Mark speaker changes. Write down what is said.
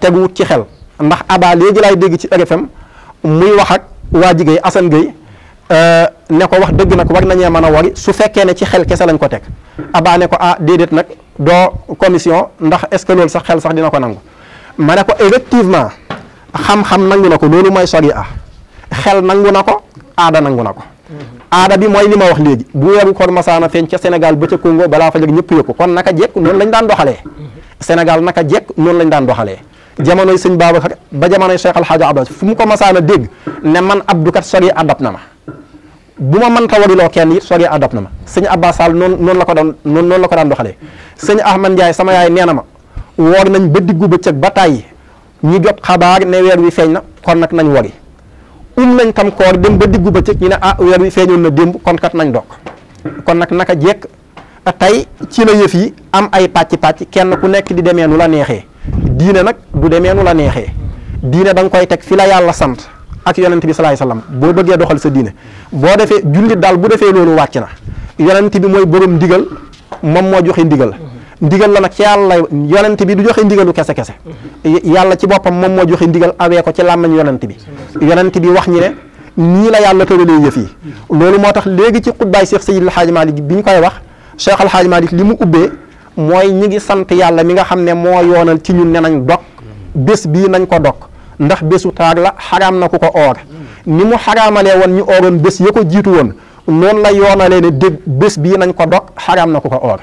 Speaker 1: teguwut ci xel ndax abaa léegi laay dégg ci RFM muy wax ak waa jigéen asan gay euh, ne ko wax dëgg nag war nañee mën a wari su fekkee ne ci xel kese lañ ko teg abaa ne ko ah déedéet nag doo commission ndax est-ce que loolu sax xel sax dina ko nangu ma ne ko effectivement xam-xam nangu na ko loolu mooy sori ah xel nangu na ko aada nangu na ko aada bi mooy li ma wax léegi bu weeru koor masaana feeñ ca Sénégal ba ca Congo balaa fajar ñëpp yëkku kon naka jekk noonu lañ daan doxalee Sénégal naka jekk noonu lañ daan doxalee jamonoy sëñ Babacar ba jamonoy Cheikh Al Hadj Abbas fu mu ko masaan a dégg ne man Abdou kat sori adab na ma bu ma mënta wariloo kenn it sori adab na ma sëñ Abbas Sall noonu noonu la ko daan noonu la ko daan doxalee sëñ Ahmad Ndiaye sama yaay nee na ma woor nañ ba diggu bëccëg ba tàyyi ñi jot xabaar ne weer wi feeñ na kon nag nañ wari um nañ tam koor dem ba diggu bëccëg ñu ne ah weer wi feeñoon na démb kon kat nañ doog kon nag naka jekk tey ci la yëf yi am ay pàcc pàcc kenn ku nekk di demee nu neexee diine nag. du demee nu la neexee diine da nga koy teg fi la yàlla sant ak yonent bi salaay salaam boo bëggee doxal sa diine boo defee jullit daal bu defee loolu wàcc na yonent bi mooy borom ndigal moom moo joxe ndigal ndigal la nag ci yàlla yonent bi du joxe ndigalu kese kese yàlla ci boppam moom moo joxe ndigal awee ko ci làmmañ yonent bi yonent bi wax ñi ne nii la yàlla tëralee yëf yi loolu moo tax léegi ci xutbaay Cheikh Seydil Hadj Malick bi ñu koy wax Cheikh Al Hadj Malick li mu ubbee mooy ñi ngi sant yàlla mi nga xam ne moo yoonal ci ñun ne nañ dog bés bii nañ ko dog ndax bésu taar la xaraam na ku ko oor ni mu xaraamalee woon ñu ooroon bés ya ko jiitu woon noonu la yoonalee ne dég bés bii nañ ko dog xaraam na ku ko oor